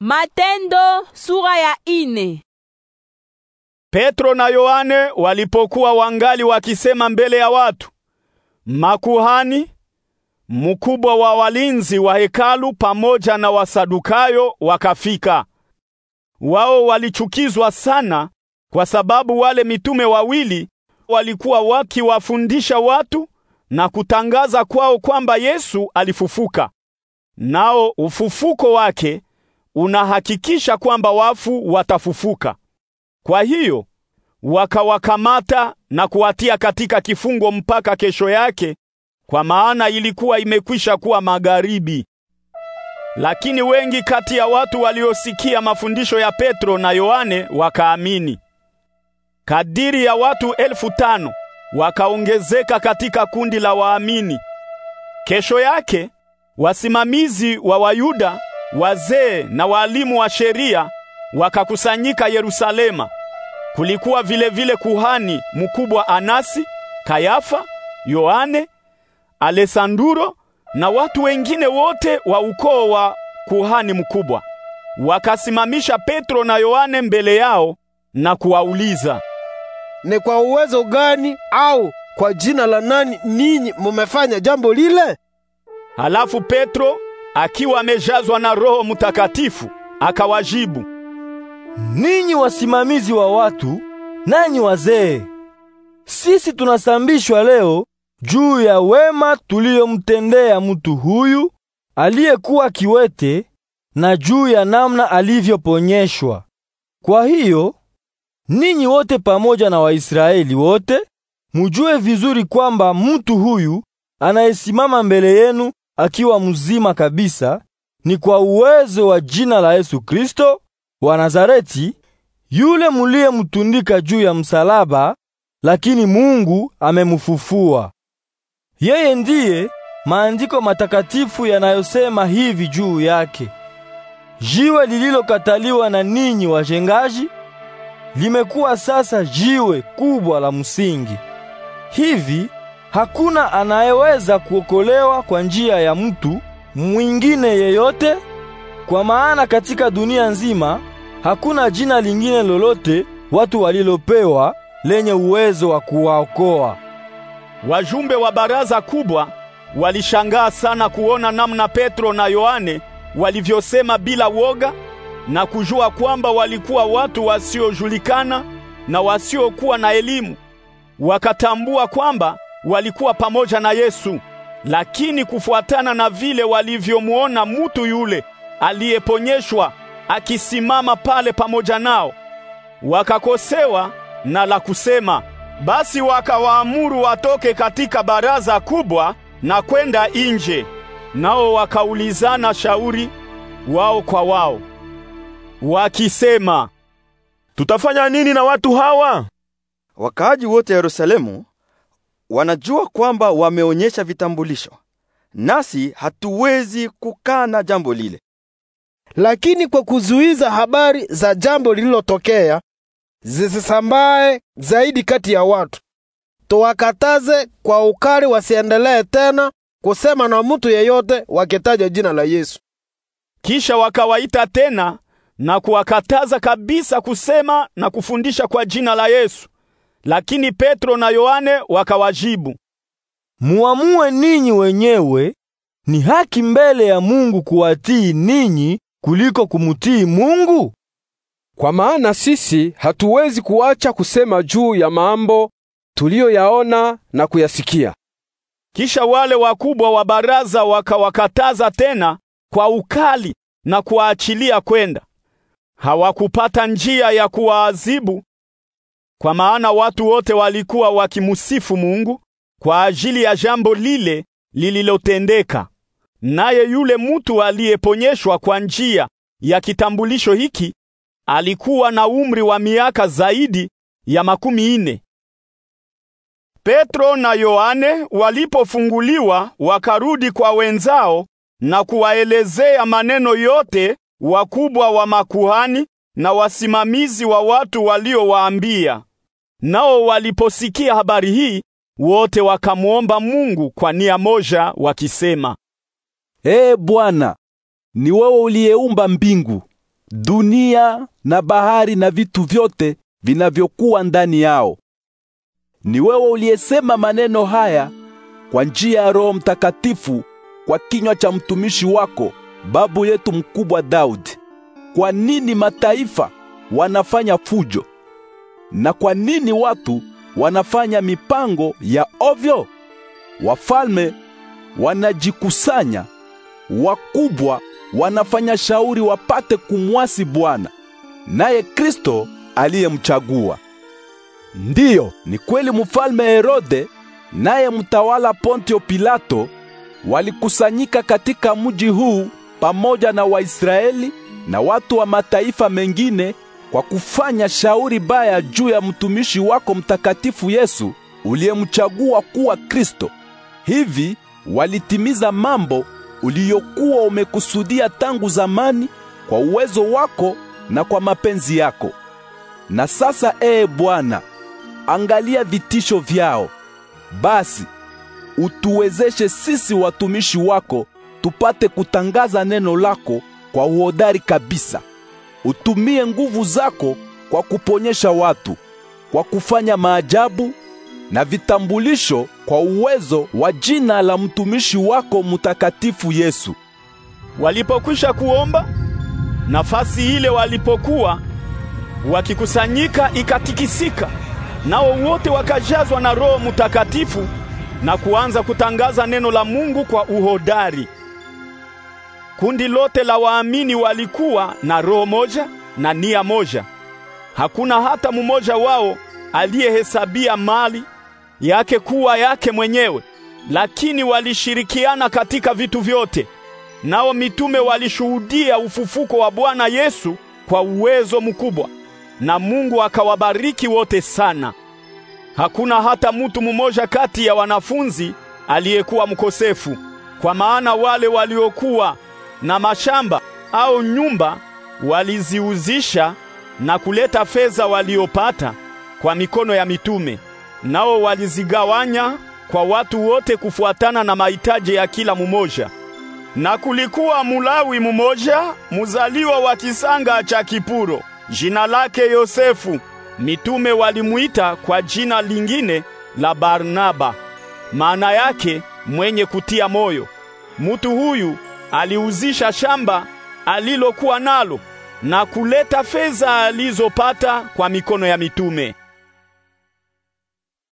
Matendo sura ya ine. Petro na Yohane walipokuwa wangali wakisema mbele ya watu, makuhani mkubwa wa walinzi wa hekalu pamoja na Wasadukayo wakafika. Wao walichukizwa sana kwa sababu wale mitume wawili walikuwa wakiwafundisha watu na kutangaza kwao kwamba Yesu alifufuka. Nao ufufuko wake unahakikisha kwamba wafu watafufuka. Kwa hiyo wakawakamata na kuwatia katika kifungo mpaka kesho yake, kwa maana ilikuwa imekwisha kuwa magharibi. Lakini wengi kati ya watu waliosikia mafundisho ya Petro na Yohane wakaamini. Kadiri ya watu elfu tano wakaongezeka katika kundi la waamini. Kesho yake wasimamizi wa Wayuda wazee na walimu wa sheria wakakusanyika Yerusalema. Kulikuwa vile vile kuhani mkubwa Anasi, Kayafa, Yohane, Alesanduro na watu wengine wote wa ukoo wa kuhani mkubwa. Wakasimamisha Petro na Yohane mbele yao na kuwauliza, ni kwa uwezo gani au kwa jina la nani ninyi mumefanya jambo lile? Halafu Petro akiwa amejazwa na Roho Mtakatifu akawajibu, ninyi wasimamizi wa watu nanyi wazee, sisi tunasambishwa leo juu ya wema tuliyomtendea mtu huyu aliyekuwa kiwete na juu ya namna alivyoponyeshwa. Kwa hiyo ninyi wote pamoja na Waisraeli wote mujue vizuri kwamba mtu huyu anayesimama mbele yenu akiwa mzima kabisa ni kwa uwezo wa jina la Yesu Kristo wa Nazareti, yule muliyemtundika juu ya msalaba, lakini Mungu amemfufua. Yeye ndiye maandiko matakatifu yanayosema hivi juu yake: jiwe lililokataliwa na ninyi wajengaji limekuwa sasa jiwe kubwa la msingi. Hivi Hakuna anayeweza kuokolewa kwa njia ya mtu mwingine yeyote, kwa maana katika dunia nzima hakuna jina lingine lolote watu walilopewa lenye uwezo wa kuwaokoa. Wajumbe wa baraza kubwa walishangaa sana kuona namna Petro na Yohane walivyosema bila woga na kujua kwamba walikuwa watu wasiojulikana na wasiokuwa na elimu. Wakatambua kwamba walikuwa pamoja na Yesu, lakini kufuatana na vile walivyomwona mutu yule aliyeponyeshwa akisimama pale pamoja nao, wakakosewa na la kusema. Basi wakawaamuru watoke katika baraza kubwa na kwenda nje, nao wakaulizana shauri wao kwa wao wakisema, tutafanya nini na watu hawa? Wakaaji wote Yerusalemu wanajua kwamba wameonyesha vitambulisho, nasi hatuwezi kukana jambo lile. Lakini kwa kuzuiza habari za jambo lililotokea zisisambae zaidi kati ya watu, tuwakataze kwa ukali wasiendelee tena kusema na mtu yeyote wakitaja jina la Yesu. Kisha wakawaita tena na kuwakataza kabisa kusema na kufundisha kwa jina la Yesu. Lakini Petro na Yohane wakawajibu, muamue ninyi wenyewe, ni haki mbele ya Mungu kuwatii ninyi kuliko kumutii Mungu? Kwa maana sisi hatuwezi kuacha kusema juu ya mambo tuliyoyaona na kuyasikia. Kisha wale wakubwa wa baraza wakawakataza tena kwa ukali na kuwaachilia kwenda. Hawakupata njia ya kuwaadhibu kwa maana watu wote walikuwa wakimusifu Mungu kwa ajili ya jambo lile lililotendeka. Naye yule mtu aliyeponyeshwa kwa njia ya kitambulisho hiki alikuwa na umri wa miaka zaidi ya makumi nne. Petro na Yohane walipofunguliwa wakarudi kwa wenzao na kuwaelezea maneno yote wakubwa wa makuhani na wasimamizi wa watu waliowaambia. Nao waliposikia habari hii, wote wakamwomba Mungu kwa nia moja wakisema, Ee Bwana, ni wewe uliyeumba mbingu, dunia na bahari na vitu vyote vinavyokuwa ndani yao. Ni wewe uliyesema maneno haya kwa njia ya Roho Mtakatifu kwa kinywa cha mtumishi wako babu yetu mkubwa Daudi. Kwa nini mataifa wanafanya fujo? Na kwa nini watu wanafanya mipango ya ovyo? Wafalme wanajikusanya, wakubwa wanafanya shauri wapate kumwasi Bwana, naye Kristo aliyemchagua. Ndiyo, ni kweli mfalme Herode naye mtawala Pontio Pilato walikusanyika katika mji huu pamoja na Waisraeli na watu wa mataifa mengine kwa kufanya shauri baya juu ya mtumishi wako mtakatifu Yesu uliyemchagua kuwa Kristo. Hivi walitimiza mambo uliyokuwa umekusudia tangu zamani kwa uwezo wako na kwa mapenzi yako. Na sasa, ee Bwana, angalia vitisho vyao. Basi utuwezeshe sisi watumishi wako tupate kutangaza neno lako kwa uhodari kabisa. Utumie nguvu zako kwa kuponyesha watu, kwa kufanya maajabu na vitambulisho kwa uwezo wa jina la mtumishi wako mtakatifu Yesu. Walipokwisha kuomba, nafasi ile walipokuwa wakikusanyika ikatikisika, nao wote wakajazwa na Roho Mtakatifu na kuanza kutangaza neno la Mungu kwa uhodari. Kundi lote la waamini walikuwa na roho moja na nia moja. Hakuna hata mmoja wao aliyehesabia mali yake kuwa yake mwenyewe, lakini walishirikiana katika vitu vyote. Nao mitume walishuhudia ufufuko wa Bwana Yesu kwa uwezo mkubwa, na Mungu akawabariki wote sana. Hakuna hata mtu mmoja kati ya wanafunzi aliyekuwa mkosefu, kwa maana wale waliokuwa na mashamba au nyumba waliziuzisha na kuleta fedha waliopata kwa mikono ya mitume, nao walizigawanya kwa watu wote kufuatana na mahitaji ya kila mumoja. Na kulikuwa Mulawi mmoja muzaliwa wa kisanga cha Kipuro, jina lake Yosefu. Mitume walimuita kwa jina lingine la Barnaba, maana yake mwenye kutia moyo. Mutu huyu aliuzisha shamba alilokuwa nalo na kuleta fedha alizopata kwa mikono ya mitume.